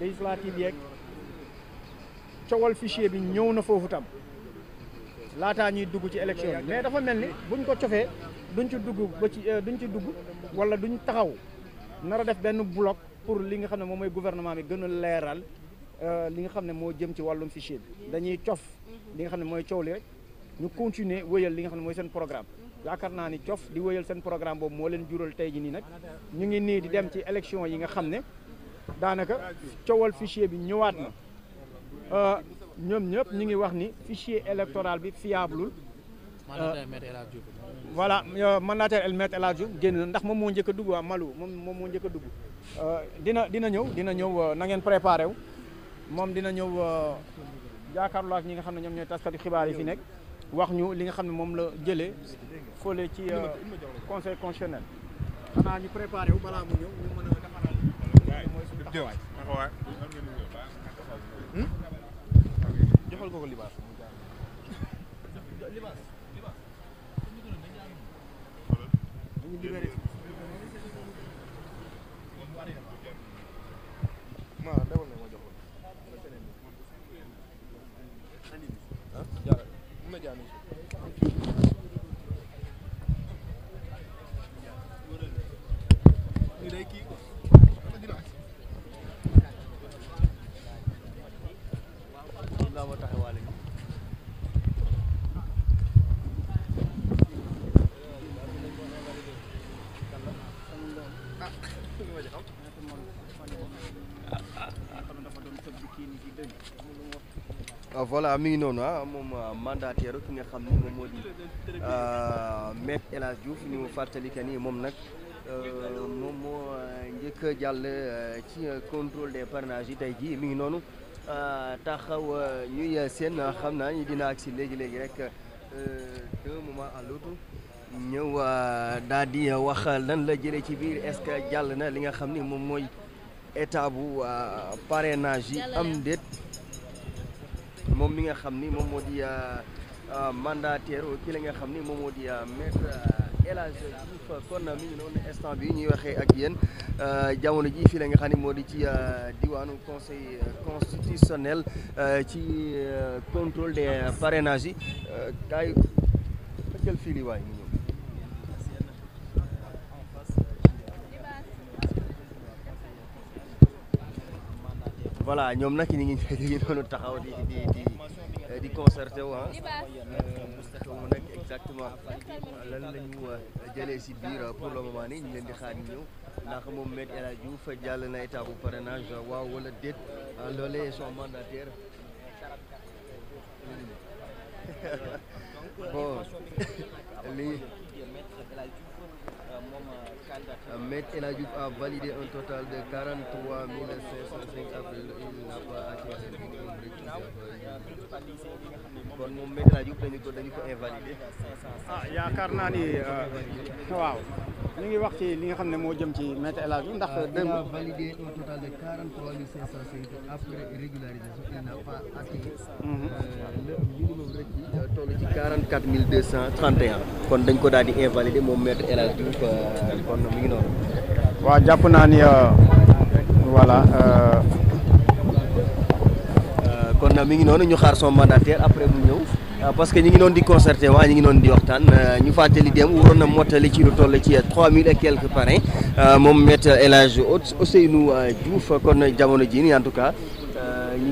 législative yeeg coowal fichier bi ñëw na foofu tam laataa ñuy dugg ci élection yi mais dafa mel ni buñ ko cofee duñ ci dugg ba ci euh, duñ ci dugg wala duñ taxaw nara def benn bloc pour li nga xam ne moom mooy gouvernement bi gën a leeral euh, li nga xam ne moo jëm ci wàllum fichier dañuy cof li nga xam ne mooy coow li rek ñu continuer wéyal li nga xam ne mooy seen programme yaakaar naa ni cof di wéyal seen programme boobu moo leen jural tey ji nii nag ñu ngi nii di dem ci élection yi nga xam ne daanaka coowal fichier bi ñëwaat na euh, ñoom ñëpp ñu ngi wax ni fichier électoral bi fiableul euh, voilà euh, mandataire El Maître El Hadj Diouf génn ndax moom moo njëkk a dugg waa Malou moom moom moo njëkk a dugg dina dina ñëw dina ñëw nangeen ngeen wu moom dina ñëw jàkkaarloo ak ñi nga xam ne ñoom ñooy taskati xibaar yi fi nekk wax ñu li nga xam ne moom la jëlee fële ci conseil constitutionnel xanaa ñu préparé wu balaa mu ñëw waay. Hmm? joxal libaas. Ah, voilà mi ngi noonu ah moom ah, mandataire ki nga xam ni moom moo di ah, Maître El Hadji Diouf ñu fàttali que ni moom nag euh, moom moo euh, njëkk jàll euh, ci contrôle des parrainages yi tey jii mi ngi noonu taxaw ñuy seen xam naa ñu dina si léegi léegi rek d'un moment à l'autre ñëw euh, daal di euh, wax lan la jëlee ci biir est-ce que jàll na li nga xam ni moom mooy état bu euh, parrainage yi am déet moom mi nga xam ni moom moo di mandataire ki la nga xam ni moom moo di maître El Hadj Diouf kon mi ngi bi ñuy waxee ak yéen jamono ji fii la nga xam ne moo di ci diwaanu conseil constitutionnel ci contrôle des parrainages yi kaay jël voilà ñoom nag ñu ngi ñu ngi doon taxaw di di di di eh, ah. eh, exactement lan la ñu eh, jëlee si biir pour le moment ñu leen di xaar ñu ñëw ndax moom Me El Hadji Diouf jàll na étape bu parrainage waaw wala déet loolee son mandataire bon. la Hadjouf a validé un total de 43 505 avril il n'a pas attiré le nombre de kon moom El Hadjouf dañu ko dañu est invalidé. ah yaakaar naa ni euh, waaw. ñu ngi wax ci li nga xam ne moo jëm ci maître El Hadji ndax euh, a validé au total de 43 550 après régularisation il n'a pas mhm. euh, euh, kon dañ ko daal di moom maître El Hadji Diouf kon mi ngi noonu. waaw jàpp naa ni voilà. kon mi ngi noonu ñu xaar son après mu ñëw. Euh, parce que ñu ngi doon di concerté waa ñu ngi doon di waxtaan euh, ñu fàttali dem waroon na mottali ci lu toll ci trois mille et quelques parrain euh, moom Me El Hadji Ousseynou Diouf kon jamono jii nii en tout cas.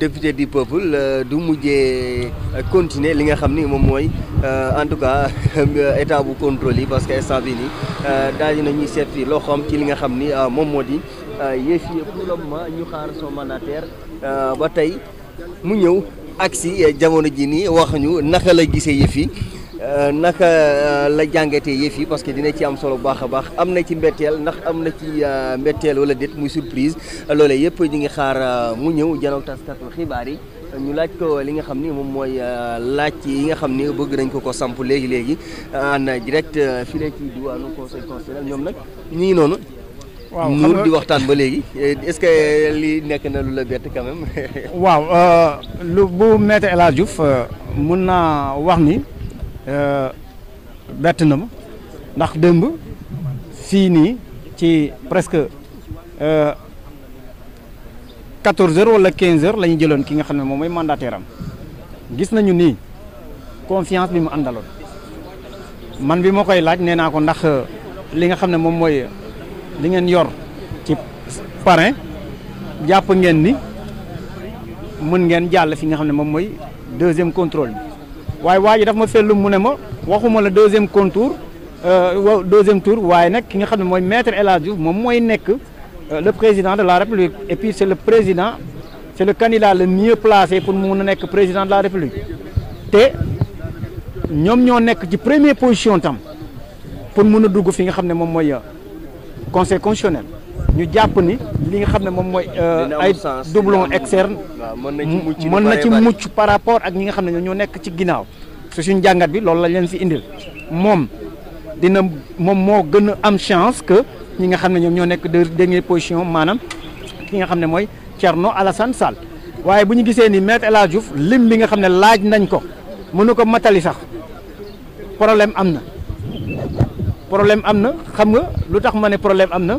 député du peuple euh, du mujjee euh, continuer li nga xam ni moom mooy euh, en tout cas état bu contrôle yi parce que instant bii nii daal di nañuy seet fii loo xam ci li nga xam ni moom moo di yëf yi pour le moment ñu xaar son mandataire ba tey mu ñëw ak si jamono ji nii wax ñu naka la gisee yëf naka la jàngatee yefi parce que dina ci am solo bu baax a baax ci mbettel ndax amna ci mbettel wala déet muy surprise loole yëpp ñu ngi xaar mu ñëw janoog taskatu xibaar ñu laaj ko li nga xam ni moom laaj yi nga xam bëgg nañ ko ko samp léegi léegi en direct fii ci diwaanu conseil constitutionnel ñoom nag ñu ngi waaw xam di waxtaan ba léegi est-ce que li nekk na lu la bett quand même. waaw lu bu Maître El Diouf mun wax ni. Euh, bett na ma ndax démb fii nii ci presque euh, quatorze heures wala quinze heures la ñu jëloon ki nga xam ne moom mooy mandataire am gis nañu nii confiance bi mu àndaloon man bi moo koy laaj nee naa ko ndax euh, li nga xam ne moom mooy li ngeen yor ci parrain jàpp ngeen ni mën ngeen jàll fi nga xam ne moom mooy deuxième contrôle bi waaye waa ji daf ma fellum mu ne ma waxuma la deuxième contour euh, deuxième tour waaye nag ki nga xam ne mooy maître El Hadj Diouf moom mooy nekk euh, le président de la république et puis c' est le président c' est le candidat le mieux placé pour mu mun a nekk président de la république te ñoom ñoo nekk ci première position tam pour mun a dugg fi nga xam ne moom mooy euh, conseil constitutionnel. ñu jàpp ni li nga xam ne moom mooy euh, ay doublon externe mën na ci mucc par rapport ak ñi nga xam ne ñoo nekk ci ginnaaw su suñ jàngat bi loolu la leen si indil moom dina moom moo gën a am chance que ñi nga xam ne ñoom ñoo nekk de dernière position maanaam ki nga xam ne mooy Thierno Alassane Sall waaye bu ñu gisee nii maître El Hadj Diouf lim bi nga xam ne laaj nañ ko mënu ko matali sax problème am na problème am na xam nga lu tax ma ne problème am na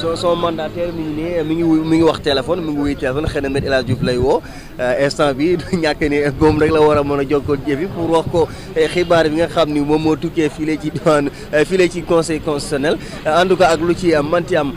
so son mandataire mi ngi nii mi ngi mi ngi wax téléphone mi ngi wuy téléphone xëy na Me El Hadji Diouf lay woo euh, instant bi du ñàkk ni moom rek la war a mën a jokkoo jëfi pour wax ko euh, xibaar bi nga xam ni moom moo tukkee file ci diwaan euh, file ci conseil constitutionnel en tout cas ak lu ci am manti am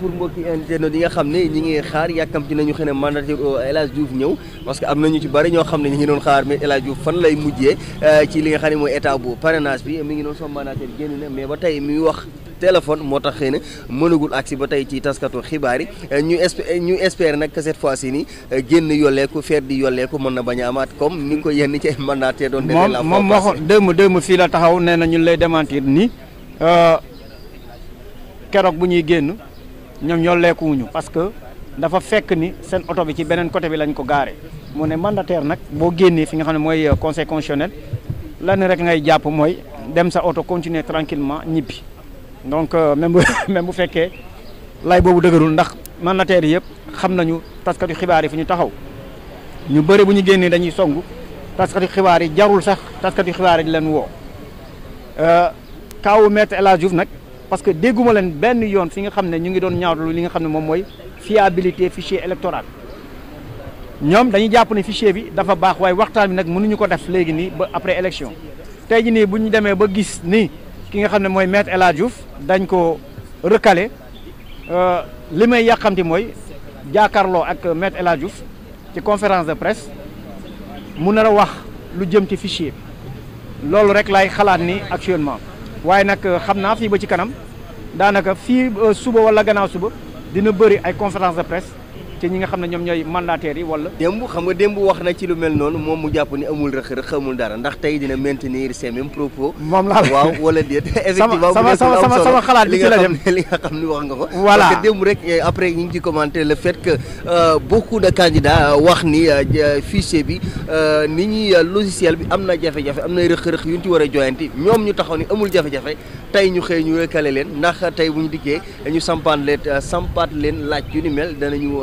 pour mbokki internet yi nga xam ne ñi ngi xaar yàkkamti nañu xëy na mandataire El Hadji Diouf ñëw parce que am nañu ci bari ñoo xam ne ñi ngi doon xaar Me El Hadji Diouf fan lay mujjee ci li nga xam ne mooy état bu parrainage bi mi ngi noonu son mandataire na mais ba tey mi ngi wax téléphone moo tax xëy na mënagul agsi ba tey ci taskatu xibaar yi ñu espé ñu espère nag que cette fois ci ni génn yolleeku feer di yolleeku mën na bañ a amaat comme ni ko yenn ci ay mandataires doon defee la moom moo ko démb démb fii la taxaw nee na ñun lay démentir ni euh, keroog bu ñuy génn ñoom yolleekuwuñu parce que dafa fekk ni seen oto bi ci beneen côté bi lañ ko gaare mu ne mandataire nag boo génnee fi nga xam ne mooy euh, conseil constitutionnel lan rek ngay jàpp mooy dem sa oto continuer tranquillement ñibbi donc euh, même même bu fekkee lay bobu dëgërul ndax mandataires yëpp xam nañu taskatu xibaar yi fu taxaw ñu bëri buñu génné dañuy songu taskatu xibaari jarul sax taskatu xibaari yi di leen woo euh, kaawu maître El Hadj Diouf nag parce que dégguma len benn yoon fi nga xamné ñu ngi doon ñaawlu li nga xamné mom moy fiabilité fichier électoral ñom dañuy japp ne fichier bi dafa bax way waxtaan bi nag mënuñu ko def légui ni ba après élection tey ni buñu démé ba gis ni ki nga xam moy maître El dañ ko recalé euh limay que moy jakarlo ak maître conférence de presse mu na wax lu jëm ci fichier rek ni actuellement waye nak, euh, xamna fi ba ci kanam danaka fi, euh, suba wala gannaaw suba dina bëri ay conférence de presse te ñi nga xam ne ñoom ñooy mandataires yi wala démb xam nga démb wax na ci lu mel noonu moom mu jàpp ni amul rëq-rëq dara ndax tey dina maintenir ses mêmes xalaat bi ci la xam ni wax nga ko voilà parce rek eh, après ñu ngi ci commenté le fait que euh, beaucoup de candidats euh, wax ni euh, fichier bi ni ñuy logiciel bi am na jafe-jafe am na rëq yu ñu ci war a joyanti ñoom ñu taxaw ni amul jafe-jafe tey ñu xëy ñu récalé leen ndax tey bu ñu dikkee ñu sampaan leen sampaat leen laaj yu ni mel danañu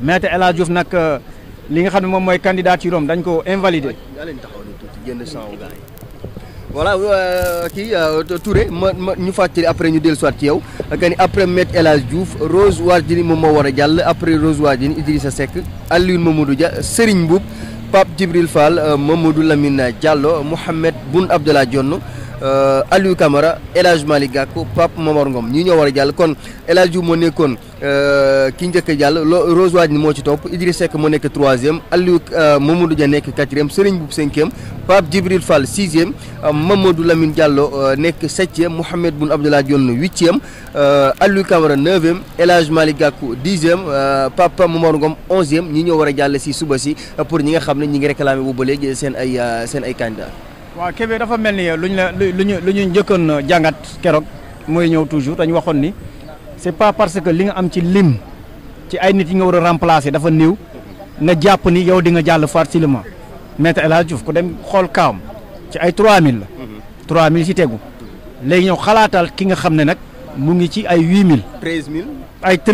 maître El Hadj Diouf nag euh, li nga xam ne moom mooy candidature am dañ ko invalider. voilà euh, kii euh, Touré ma ma ñu fàttali après ñu dellu soit ci yow que ni après Me El Hadj Diouf Rose Wardini moom moo war a jàll après Rose Wardini Idrissa Seck Alioune Mamadou Dia Serigne Mboup Pape Djibril Fall Mamadou Lamine Diallo Mouhamed Boun Abdallah Dionne. Euh, Aliou Camara El Hadj Malick Gakou Pape Momar Ngom ñi ñoo war a jàll kon El Hadj moo nekkoon euh, ki njëkk a jàll Rose Wardini moo ci topp Idriss Seck moo nekk troisième Aliou euh, Mamadou Dia nekk quatrième Serigne Boub cinquième Pape Djibril Fall sixième Mamadou Lamine Diallo nekk septième Mouhamed Boun Abdallah Dionne huitième Aliou Camara neuvième El Hadj Malick Gakou dixième Pape Momar Ngom onzième ñi ñoo war a jàll si suba si pour ñi nga xam ne ñi ngi réclamé bu ba léegi seen ay seen ay candidat waaw Kébé dafa melni luñu luñu ñu la lu ñu lu ñu ñëw toujours dañ waxon ni c'est pas parce que li nga am ci lim ci ay nit yi nga wara remplacer dafa néew nga japp ni yow di nga jall facilement maître El Hadj Diouf dem xol kaam ci ay 3000 la. 3000 mhm. ci tegu léegi ñëw xalaatal ki nga xam nak mu ngi ci ay 8000. 13000 ay